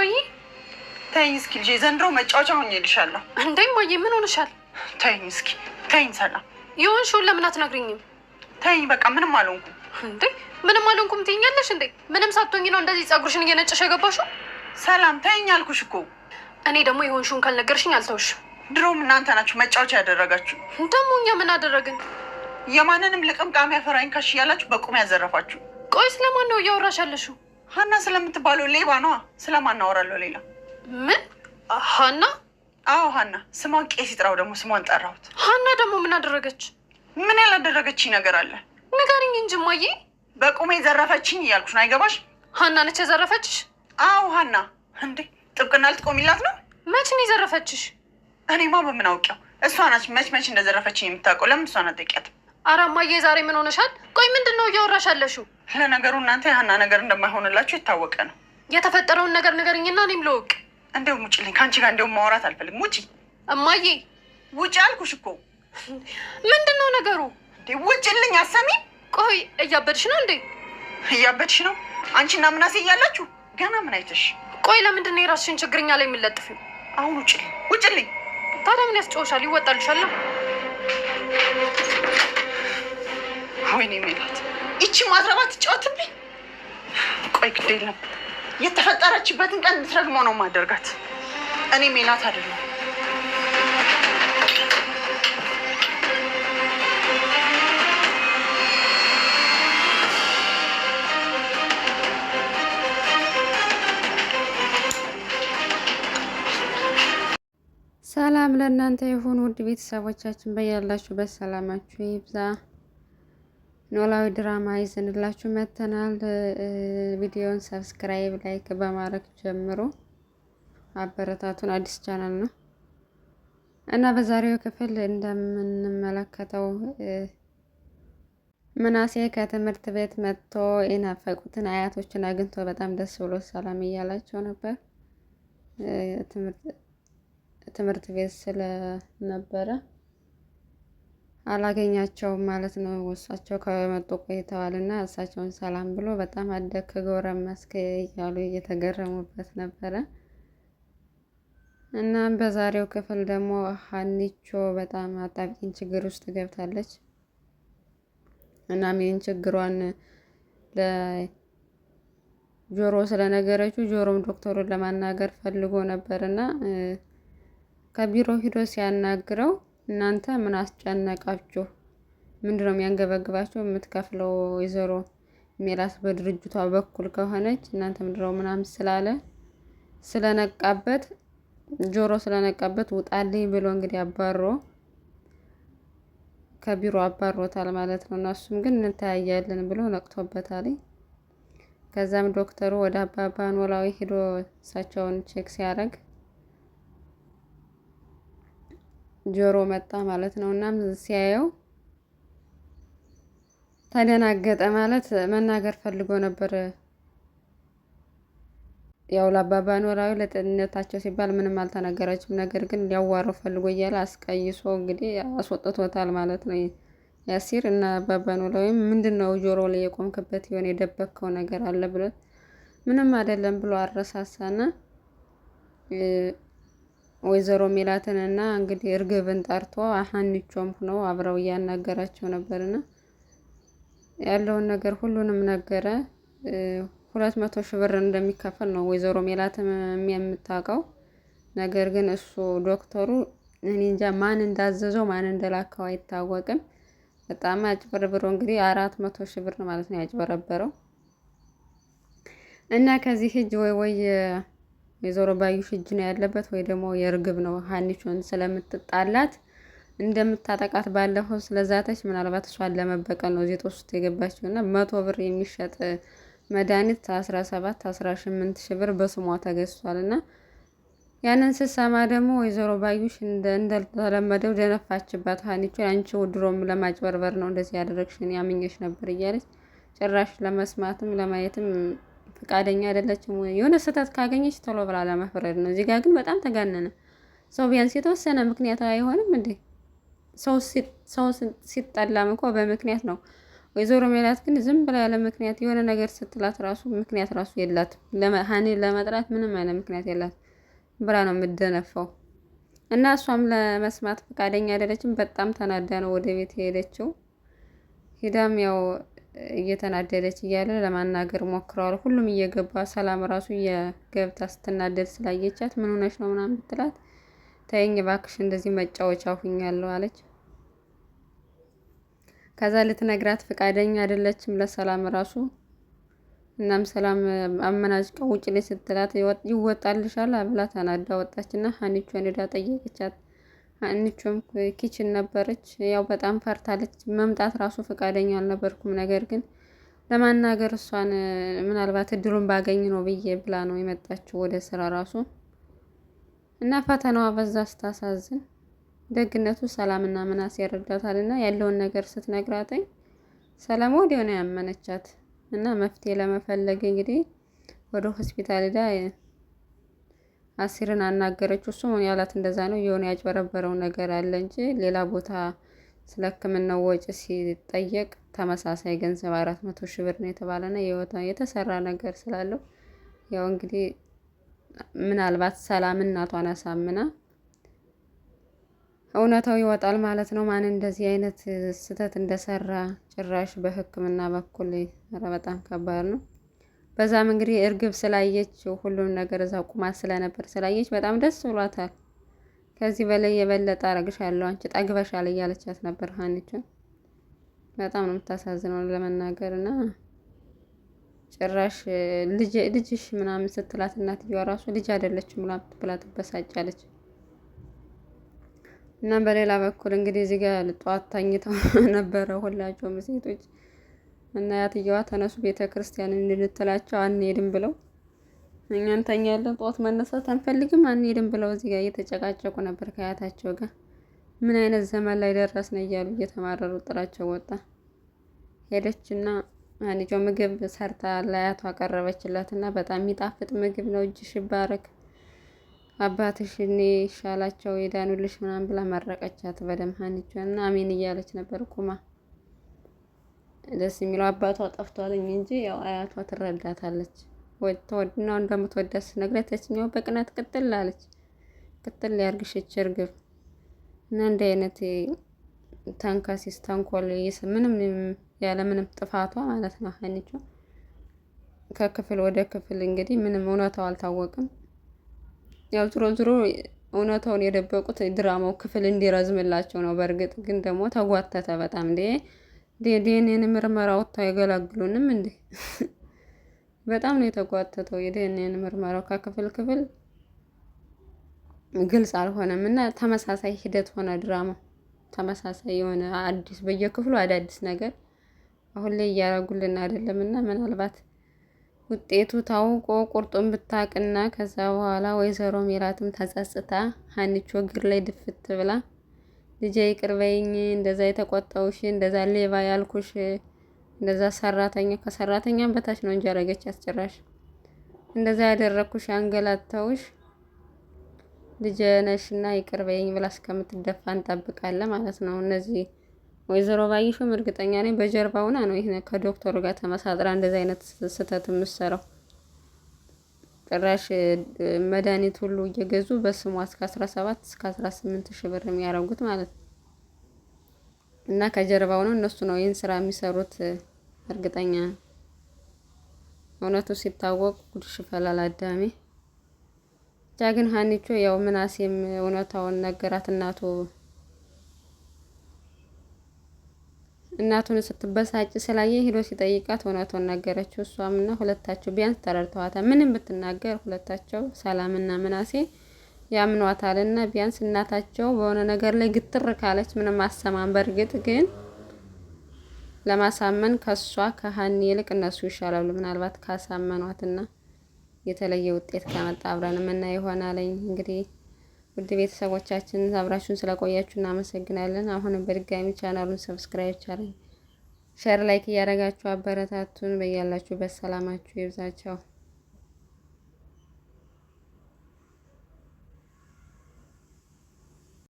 እማዬ ተይኝ እስኪ ልጄ፣ ዘንድሮ መጫወቻ ሆኜልሻለሁ። እንደ እማዬ ምን ሆንሻል? ተይኝ እስኪ ተይኝ። ሰላም የሆንሽውን ለምን አትነግሪኝም? ተይኝ በቃ ምንም አልሆንኩም። እንዴ ምንም አልሆንኩም ትይኛለሽ እንዴ? ምንም ሳትሆኝ ነው እንደዚህ ፀጉርሽን እየነጨሽ የገባሽው? ሰላም ተይኝ አልኩሽ እኮ። እኔ ደግሞ የሆንሽውን ካልነገርሽኝ አልተውሽም። ድሮም እናንተ ናችሁ መጫወቻ ያደረጋችሁ። ደግሞ እኛ ምን አደረግን? የማንንም ልቅም ቃሚ ያፈራኝ ካሽ እያላችሁ በቁም ያዘረፋችሁ። ቆይ ስለማን ነው እያወራሽ ያለሽው? ሀና ስለምትባለው ሌባ ነዋ። ስለማናወራለሁ ሌላ ምን? ሀና? አዎ ሀና። ስሟን ቄስ ይጥራው ደግሞ ስሟን ጠራሁት። ሀና ደግሞ ምን አደረገች? ምን ያላደረገች ነገር አለ? ንገሪኝ እንጂ እማዬ። በቁሜ ዘረፈችኝ እያልኩሽ ነው። አይገባሽ? ሀና ነች የዘረፈችሽ? አዎ ሀና። እንዴ ጥብቅና ልትቆሚላት ነው? መች ነው የዘረፈችሽ? እኔማ በምን አውቂያው? እሷ ናች መች መች እንደዘረፈችኝ የምታውቀው። ለምን እሷን አጠቂያትም አራማዬ ዛሬ ምን ሆነሻል? ቆይ ምንድን ነው እያወራሽ ያለሽው? ለነገሩ እናንተ የሀና ነገር እንደማይሆንላችሁ የታወቀ ነው። የተፈጠረውን ነገር ንገርኝና እኔም ልወቅ። እንደውም ውጭልኝ፣ ከአንቺ ጋር እንደውም ማውራት አልፈልግም። ውጪ። እማዬ ውጭ አልኩሽ እኮ። ምንድን ነው ነገሩ? ውጭልኝ። አሰሚ። ቆይ እያበድሽ ነው እንዴ? እያበድሽ ነው አንቺና ምናሴ እያላችሁ ገና ምን አይተሽ? ቆይ ለምንድን ነው የራስሽን ችግርኛ ላይ የሚለጥፊው? አሁን ውጭልኝ፣ ውጭልኝ። ታዲያ ምን ያስጨውሻል? ይወጣልሻለሁ። ወይኔ ሜላት፣ ይቺ ማዝረባ ትጫወትብኝ። ቆይ ግድ የለም የተፈጠረችበትን ቀን እንድትረግመው ነው ማደርጋት። እኔ ሜላት አይደለም ሰላም ለእናንተ የሆኑ ውድ ቤተሰቦቻችን በያላችሁበት ሰላማችሁ ይብዛ። ኖላዊ ድራማ ይዘንላችሁ መተናል። ቪዲዮን ሰብስክራይብ፣ ላይክ በማድረግ ጀምሮ አበረታቱን። አዲስ ቻናል ነው እና በዛሬው ክፍል እንደምንመለከተው ምናሴ ከትምህርት ቤት መጥቶ የናፈቁትን አያቶችን አግኝቶ በጣም ደስ ብሎ ሰላም እያላቸው ነበር። ትምህርት ቤት ስለነበረ አላገኛቸውም ማለት ነው። እሳቸው ከመጡ ቆይተዋል እና እሳቸውን ሰላም ብሎ በጣም አደክ ጎረመስክ እያሉ እየተገረሙበት ነበረ። እና በዛሬው ክፍል ደግሞ ሀኒቾ በጣም አጣብቂኝ ችግር ውስጥ ገብታለች። እናም ይህን ችግሯን ለጆሮ ስለነገረችው ጆሮም ዶክተሩን ለማናገር ፈልጎ ነበር እና ከቢሮ ሂዶ ሲያናግረው እናንተ ምን አስጨነቃችሁ? ምንድነው የሚያንገበግባችሁ? የምትከፍለው ወይዘሮ ሜላት በድርጅቷ በኩል ከሆነች እናንተ ምንድነው ምናምን ስላለ ስለነቃበት ጆሮ ስለነቃበት ውጣልኝ ብሎ እንግዲህ አባሮ ከቢሮ አባሮታል ማለት ነው። እና እሱም ግን እንተያያለን ብሎ ነቅቶበታል። ከዛም ዶክተሩ ወደ አባባ ኖላዊ ሄዶ እሳቸውን ቼክ ሲያደርግ ጆሮ መጣ ማለት ነው። እናም ሲያየው ተደናገጠ ማለት መናገር ፈልጎ ነበር። ያው ለአባባ ኖላዊ ለጤንነታቸው ሲባል ምንም አልተነገረችም። ነገር ግን ሊያዋረው ፈልጎ እያለ አስቀይሶ እንግዲህ አስወጥቶታል ማለት ነው ያሲር እና አባባ ኖላዊም ምንድን ነው ጆሮ ላይ የቆምክበት የሆነ የደበከው ነገር አለ ብሎ ምንም አይደለም ብሎ አረሳሳና ወይዘሮ እና እንግዲህ እርግብን ጠርቶ ሀኒቾም ሆነው አብረው እያናገራቸው ነበርና ያለውን ነገር ሁሉንም ነገረ። ሁለት መቶ ሺህ ብር እንደሚከፈል ነው ወይዘሮ ሜላትም የምታውቀው። ነገር ግን እሱ ዶክተሩ እኔ እንጃ ማን እንዳዘዘው ማን እንደላከው አይታወቅም። በጣም አጭበርብሮ እንግዲህ አራት መቶ ሺህ ብር ማለት ነው ያጭበረበረው እና ከዚህ እጅ ወይ ወይ የዞሮ ባዩሽ እጅ ነው ያለበት ወይ ደግሞ የእርግብ ነው ሀኒቾን ስለምትጣላት እንደምታጠቃት ባለፈው ስለዛተች ምናልባት እሷን ለመበቀል ነው ዜጦ ውስጥ የገባችው እና መቶ ብር የሚሸጥ መድኃኒት አስራ ሰባት አስራ ስምንት ሺ ብር በስሟ ተገዝቷል እና ያንን ስሰማ ደግሞ ወይዘሮ ባዩሽ እንደተለመደው ደነፋችባት ሀኒቾን አንቺ ድሮም ለማጭበርበር ነው እንደዚህ ያደረግሽን ያምኘሽ ነበር እያለች ጭራሽ ለመስማትም ለማየትም ፈቃደኛ አይደለችም። የሆነ ስህተት ካገኘች ቶሎ ብላ ለመፍረድ ነው። እዚህ ጋር ግን በጣም ተጋነነ። ሰው ቢያንስ የተወሰነ ምክንያት አይሆንም እንዴ? ሰው ሲጠላም እኮ በምክንያት ነው። ወይዘሮ ሜላት ግን ዝም ብላ ያለ ምክንያት የሆነ ነገር ስትላት ራሱ ምክንያት ራሱ የላት ሀኒን ለመጥላት ምንም አይነት ምክንያት የላት ብራ ነው የምደነፈው። እና እሷም ለመስማት ፈቃደኛ አይደለችም። በጣም ተናዳ ነው ወደ ቤት የሄደችው። ሂዳም ያው እየተናደደች እያለ ለማናገር ሞክረዋል። ሁሉም እየገባ ሰላም ራሱ የገብታ ስትናደድ ስላየቻት ምን ሆነች ነው ምናምን ብትላት ተይኝ እባክሽ እንደዚህ መጫወቻ ሁኛለሁ አለች። ከዛ ልትነግራት ፈቃደኛ አይደለችም ለሰላም ራሱ። እናም ሰላም አመናጭቀው ውጭ ላይ ስትላት ይወጣልሻል ብላ ተናዳ ወጣችና ሀኒቿን ሄዳ ጠየቀቻት። አንቺም ኪችን ነበረች። ያው በጣም ፈርታለች። መምጣት ራሱ ፈቃደኛ አልነበርኩም። ነገር ግን ለማናገር እሷን ምናልባት እድሉን ባገኝ ነው ብዬ ብላ ነው የመጣችው ወደ ስራ ራሱ እና ፈተናዋ በዛ ስታሳዝን ደግነቱ ሰላምና ምናሴ ያረዳታል እና ያለውን ነገር ስትነግራተኝ ሰላም ወዲያው ነው ያመነቻት እና መፍትሄ ለመፈለግ እንግዲህ ወደ ሆስፒታል ሄዳ አሲርን አናገረችው። እሱም ያላት እንደዛ ነው የሆነ ያጭበረበረው ነገር አለ እንጂ ሌላ ቦታ ስለ ሕክምናው ወጪ ሲጠየቅ ተመሳሳይ ገንዘብ አራት መቶ ሺህ ብር ነው የወታ የተሰራ ነገር ስላለው ያው እንግዲህ ምናልባት ሰላም እናቷን አሳምና እውነታው ይወጣል ማለት ነው። ማን እንደዚህ አይነት ስህተት እንደሰራ ጭራሽ በሕክምና በኩል ኧረ በጣም ከባድ ነው። በዛም እንግዲህ እርግብ ስላየች ሁሉም ነገር እዛ ቁማት ስለነበር ስላየች በጣም ደስ ብሏታል። ከዚህ በላይ የበለጠ አረግሻለሁ አንቺ ጠግበሻል እያለቻት ነበር ሀኒቹን። በጣም ነው የምታሳዝነው ለመናገር እና ጭራሽ ልጅሽ ምናምን ስትላት እናትየዋ ራሱ ልጅ አይደለችም ብላ ትበሳጫለች። እና በሌላ በኩል እንግዲህ እዚህ ጋር ጠዋት ተኝተው ነበረ ሁላቸውም ሴቶች እና ያትየዋ ተነሱ ቤተ ክርስቲያን እንድንትላቸው አንሄድም ብለው እኛ እንተኛለን፣ ጧት መነሳት አንፈልግም፣ አንሄድም ብለው እዚህ ጋር እየተጨቃጨቁ ነበር ከአያታቸው ጋር። ምን አይነት ዘመን ላይ ደረስን እያሉ እየተማረሩ ጥላቸው ወጣ። ሄደችና አንጆ ምግብ ሰርታ ለአያቷ እና በጣም የሚጣፍጥ ምግብ ነው፣ እጅሽ ይባረክ፣ አባትሽ እኔ ይሻላቸው ይዳኑልሽ ምናምን ብላ መረቀቻት በደምብ አንጆ እና አሜን እያለች ነበር ቁማ ደስ የሚለው አባቷ ጠፍቷልኝ እንጂ ያው አያቷ ትረዳታለች። ተወድና እንደምትወዳት ስትነግራት ያችኛው በቅናት ቅጥል አለች። ቅጥል ያርግሽች እርግብ እና እንደ አይነት ታንካሲስ ታንኮል ምንም ያለ ምንም ጥፋቷ ማለት ነው ሀኒቾ ከክፍል ወደ ክፍል እንግዲህ ምንም እውነታው አልታወቅም። ያው ዝሮ ዝሮ እውነታውን የደበቁት ድራማው ክፍል እንዲረዝምላቸው ነው። በእርግጥ ግን ደግሞ ተጓተተ በጣም እንዴ የዲኤንኤን ምርመራ ወጥቶ አይገላግሉንም እንዴ? በጣም ነው የተጓተተው። የዲኤንኤን ምርመራው ከክፍል ክፍል ግልጽ አልሆነም እና ተመሳሳይ ሂደት ሆነ ድራማ ተመሳሳይ የሆነ አዲስ በየክፍሉ አዳዲስ ነገር አሁን ላይ እያረጉልን አይደለም እና ምናልባት ውጤቱ ታውቆ ቁርጡን ብታቅና ከዛ በኋላ ወይዘሮ ሜላትም ተጸጽታ ሀኒቾ እግር ላይ ድፍት ብላ ልጄ ይቅርበኝ፣ እንደዛ የተቆጣውሽ፣ እንደዛ ሌባ ያልኩሽ፣ እንደዛ ሰራተኛ ከሰራተኛም በታች ነው እንጂ ያረገች አስጨራሽ፣ እንደዛ ያደረግኩሽ፣ አንገላተውሽ፣ ልጄ ነሽና ይቅርበይኝ ብላ እስከምትደፋ እንጠብቃለን ማለት ነው። እነዚህ ወይዘሮ ባይሹም እርግጠኛ ነኝ በጀርባውና ነው ይህ ከዶክተሩ ጋር ተመሳጥራ እንደዚህ አይነት ስህተት የምትሰራው። ጭራሽ መድኃኒት ሁሉ እየገዙ በስሟ እስከ 17 እስከ 18 ሺህ ብር የሚያደርጉት ማለት ነው። እና ከጀርባው ነው እነሱ ነው ይህን ስራ የሚሰሩት። እርግጠኛ እውነቱ ሲታወቅ ጉድሽ ይፈላል አዳሜ። ብቻ ግን ሀኒቾ ያው ምናሴም እውነታውን ነገራት እናቱ እናቱን ስትበሳጭ ስላየ ሂዶ ሲጠይቃት እውነቱን ነገረችው። እሷም እና ሁለታቸው ቢያንስ ተረድተዋታል። ምንም ብትናገር ሁለታቸው ሰላምና ምናሴ ያምኗታል እና ቢያንስ እናታቸው በሆነ ነገር ላይ ግትር ካለች ምንም አሰማን። በእርግጥ ግን ለማሳመን ከሷ ከሀኒ ይልቅ እነሱ ይሻላሉ። ምናልባት ካሳመኗትና የተለየ ውጤት ከመጣ አብረን ምና ይሆናለኝ እንግዲህ ውድ ቤተሰቦቻችን አብራችሁን ስለቆያችሁ እናመሰግናለን። አሁንም በድጋሚ ቻናሉን ሰብስክራይብ ቻለን ሸር ላይክ እያደረጋችሁ አበረታቱን። በያላችሁበት ሰላማችሁ ይብዛቸው።